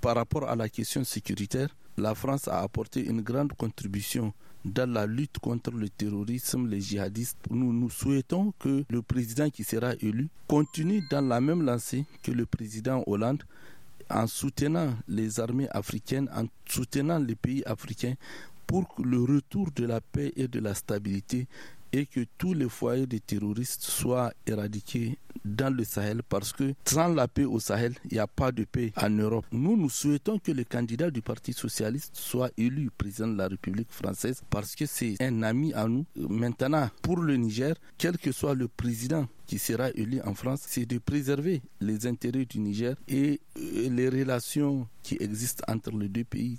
Par rapport à la question sécuritaire, la France a apporté une grande contribution dans la lutte contre le terrorisme, les djihadistes. Nous, nous souhaitons que le président qui sera élu continue dans la même lancée que le président Hollande en soutenant les armées africaines, en soutenant les pays africains pour le retour de la paix et de la stabilité et que tous les foyers des terroristes soient éradiqués dans le Sahel parce que sans la paix au Sahel, il n'y a pas de paix en Europe. Nous, nous souhaitons que le candidat du Parti socialiste soit élu président de la République française parce que c'est un ami à nous. Maintenant, pour le Niger, quel que soit le président qui sera élu en France, c'est de préserver les intérêts du Niger et euh, les relations qui existent entre les deux pays